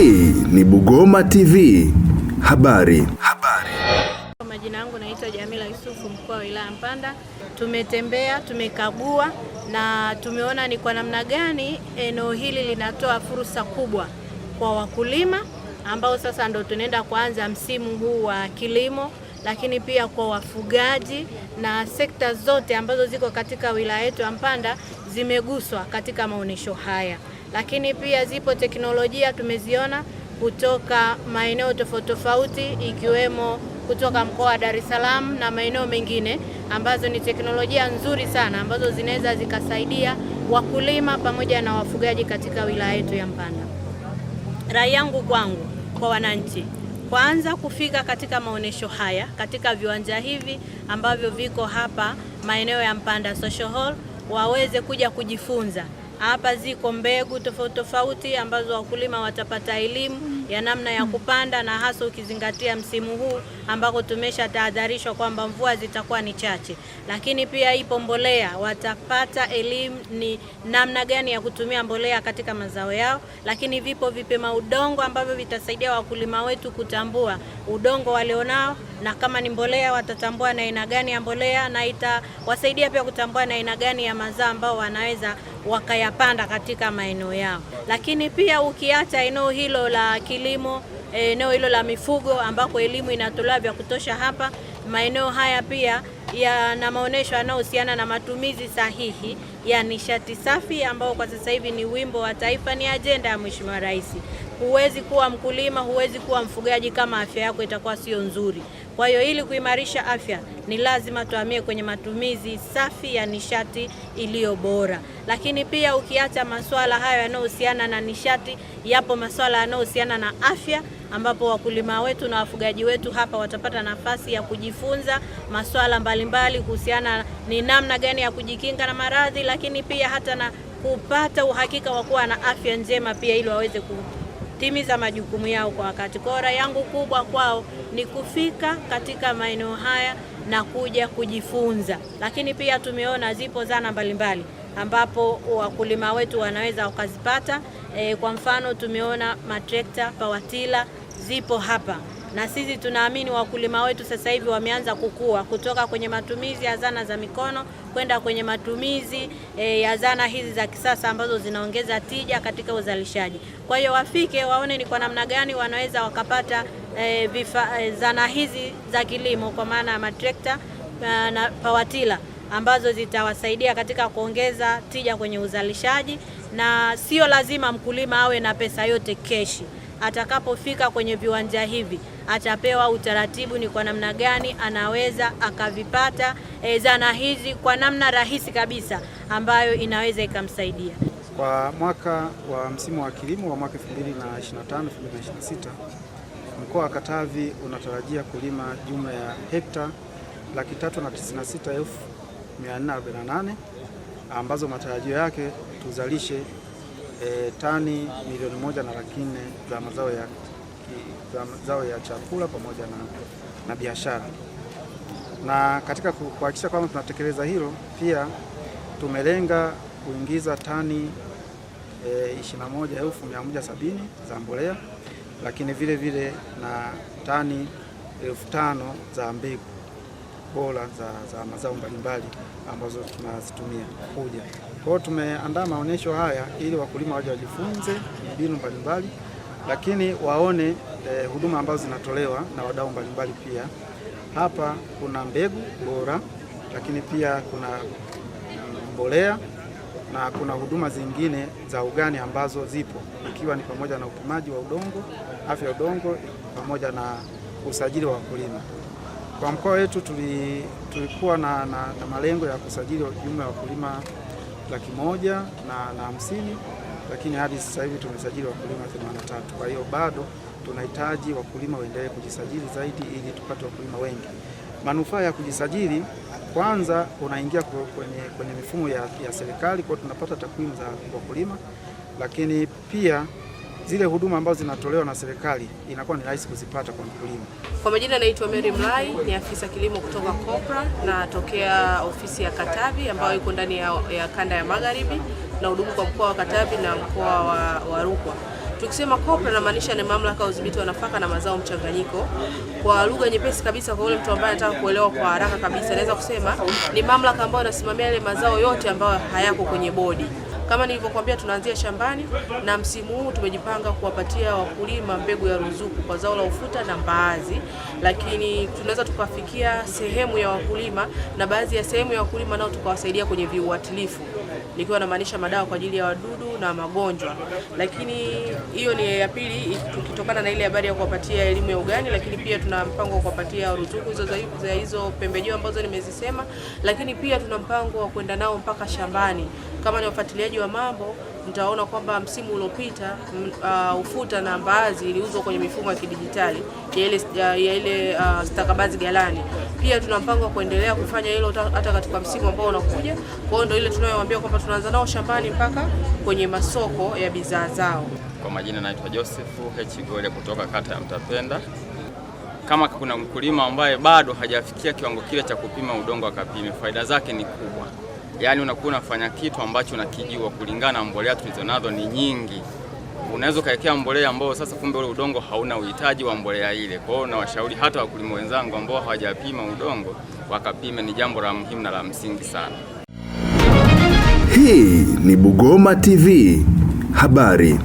Hii ni Bugoma TV. Habari. Habari. Kwa majina yangu naitwa Jamila Yusufu, mkuu wa wilaya Mpanda. Tumetembea, tumekagua na tumeona ni kwa namna gani eneo hili linatoa fursa kubwa kwa wakulima ambao sasa ndo tunaenda kuanza msimu huu wa kilimo, lakini pia kwa wafugaji na sekta zote ambazo ziko katika wilaya yetu ya Mpanda zimeguswa katika maonyesho haya lakini pia zipo teknolojia tumeziona kutoka maeneo tofauti tofauti ikiwemo kutoka mkoa wa Dar es Salaam na maeneo mengine ambazo ni teknolojia nzuri sana ambazo zinaweza zikasaidia wakulima pamoja na wafugaji katika wilaya yetu ya Mpanda. Rai yangu kwangu kwa wananchi, kwanza kufika katika maonyesho haya katika viwanja hivi ambavyo viko hapa maeneo ya Mpanda Social Hall, waweze kuja kujifunza hapa ziko mbegu tofauti tofauti ambazo wakulima watapata elimu ya namna ya kupanda na hasa ukizingatia msimu huu ambako tumesha tahadharishwa kwamba mvua zitakuwa ni chache, lakini pia ipo mbolea, watapata elimu ni namna gani ya kutumia mbolea katika mazao yao, lakini vipo vipima udongo ambavyo vitasaidia wakulima wetu kutambua udongo walionao, na kama ni mbolea watatambua na aina gani ya mbolea, na itawasaidia pia kutambua na aina gani ya mazao ambao wanaweza wakayapanda katika maeneo yao, lakini pia ukiacha eneo hilo la kilimo, eneo hilo la mifugo ambako elimu inatolewa vya kutosha hapa. Maeneo haya pia yana maonyesho yanayohusiana na matumizi sahihi ya nishati safi ambao kwa sasa hivi ni wimbo wa taifa, ni ajenda ya Mheshimiwa Rais. Huwezi kuwa mkulima, huwezi kuwa mfugaji kama afya yako itakuwa sio nzuri. Kwa hiyo ili kuimarisha afya ni lazima tuhamie kwenye matumizi safi ya nishati iliyo bora, lakini pia ukiacha masuala hayo yanayohusiana na nishati, yapo masuala yanayohusiana na afya ambapo wakulima wetu na wafugaji wetu hapa watapata nafasi ya kujifunza masuala mbalimbali kuhusiana ni namna gani ya kujikinga na maradhi, lakini pia hata na kupata uhakika wa kuwa na afya njema pia ili waweze kuhu kutimiza majukumu yao kwa wakati. Kwa hiyo rai yangu kubwa kwao ni kufika katika maeneo haya na kuja kujifunza, lakini pia tumeona zipo zana mbalimbali ambapo wakulima wetu wanaweza wakazipata. E, kwa mfano tumeona matrekta, pawatila zipo hapa na sisi tunaamini wakulima wetu sasa hivi wameanza kukua kutoka kwenye matumizi ya zana za mikono kwenda kwenye matumizi e, ya zana hizi za kisasa ambazo zinaongeza tija katika uzalishaji. Kwa hiyo wafike waone ni kwa namna gani wanaweza wakapata e, vifa, e, zana hizi za kilimo kwa maana ya matrekta e, na pawatila ambazo zitawasaidia katika kuongeza tija kwenye uzalishaji, na sio lazima mkulima awe na pesa yote keshi atakapofika kwenye viwanja hivi atapewa utaratibu ni kwa namna gani anaweza akavipata e, zana hizi kwa namna rahisi kabisa ambayo inaweza ikamsaidia. Kwa mwaka wa msimu wa kilimo wa mwaka 2025 2026 mkoa wa Katavi unatarajia kulima jumla ya hekta laki tatu na tisini na sita elfu mia nne arobaini na nane ambazo matarajio yake tuzalishe e, tani milioni moja na laki nne za mazao ya, za mazao ya chakula pamoja na, na biashara. Na katika kuhakikisha kwamba tunatekeleza hilo, pia tumelenga kuingiza tani e, eh, 21,170 za mbolea, lakini vile vile na tani elfu tano za mbegu bora za, za mazao mbalimbali ambazo tunazitumia kuja. Kwa hiyo tumeandaa maonyesho haya ili wakulima waje wajifunze mbinu mbalimbali, lakini waone eh, huduma ambazo zinatolewa na wadau mbalimbali. Pia hapa kuna mbegu bora, lakini pia kuna mm, mbolea na kuna huduma zingine za ugani ambazo zipo ikiwa ni pamoja na upimaji wa udongo, afya ya udongo pamoja na usajili wa wakulima. Kwa mkoa wetu tulikuwa na, na, na malengo ya kusajili jumla ya wakulima laki moja na, na hamsini lakini hadi sasa hivi tumesajili wakulima 83. Kwa hiyo bado tunahitaji wakulima waendelee kujisajili zaidi ili tupate wakulima wengi. Manufaa ya kujisajili, kwanza unaingia kwenye, kwenye mifumo ya, ya serikali, kwa tunapata takwimu za wakulima, lakini pia zile huduma ambazo zinatolewa na serikali inakuwa ni rahisi kuzipata kwa mkulima. Kwa majina naitwa Mary Mlai, ni afisa kilimo kutoka COPRA na tokea ofisi ya Katavi ambayo iko ndani ya, ya kanda ya Magharibi na hudumu kwa mkoa wa Katavi na mkoa wa, wa Rukwa. Tukisema COPRA namaanisha ni mamlaka ya udhibiti wa nafaka na mazao mchanganyiko. Kwa lugha nyepesi kabisa, kwa yule mtu ambaye anataka kuelewa kwa haraka kabisa, naweza kusema ni mamlaka ambayo inasimamia yale mazao yote ambayo hayako kwenye bodi. Kama nilivyokuambia, tunaanzia shambani na msimu huu tumejipanga kuwapatia wakulima mbegu ya ruzuku kwa zao la ufuta na mbaazi, lakini tunaweza tukafikia sehemu ya wakulima na baadhi ya sehemu ya wakulima nao tukawasaidia kwenye viuatilifu, nikiwa namaanisha madawa kwa ajili ya wadudu na magonjwa. Lakini hiyo ni ya pili, tukitokana na ile habari ya kuwapatia elimu ya ugani, lakini pia tuna mpango wa kuwapatia ruzuku hizo za hizo pembejeo ambazo nimezisema, lakini pia tuna mpango wa kwenda nao mpaka shambani kama ni wafuatiliaji wa mambo, mtaona kwamba msimu uliopita mm, uh, ufuta na mbaazi iliuzwa kwenye mifumo ya kidijitali ya ile ya ile uh, stakabadhi Pia tuna mpango wa kuendelea kufanya hilo hata katika msimu ambao unakuja. Kwa hiyo ndio ile tunayowaambia kwamba tunaanza nao shambani mpaka kwenye masoko ya bidhaa zao. Kwa majina naitwa Joseph H Gole kutoka kata ya Mtapenda. Kama kuna mkulima ambaye bado hajafikia kiwango kile cha kupima udongo akapime, faida zake ni kubwa yaani unakuwa unafanya kitu ambacho unakijua kulingana na mbolea tulizonazo ni nyingi. Unaweza ukawekea mbolea ambao sasa kumbe ule udongo hauna uhitaji wa mbolea ile. Kwa hiyo nawashauri hata wakulima wenzangu ambao hawajapima udongo wakapime, ni jambo la muhimu na la msingi sana. Hii ni Bugoma TV habari.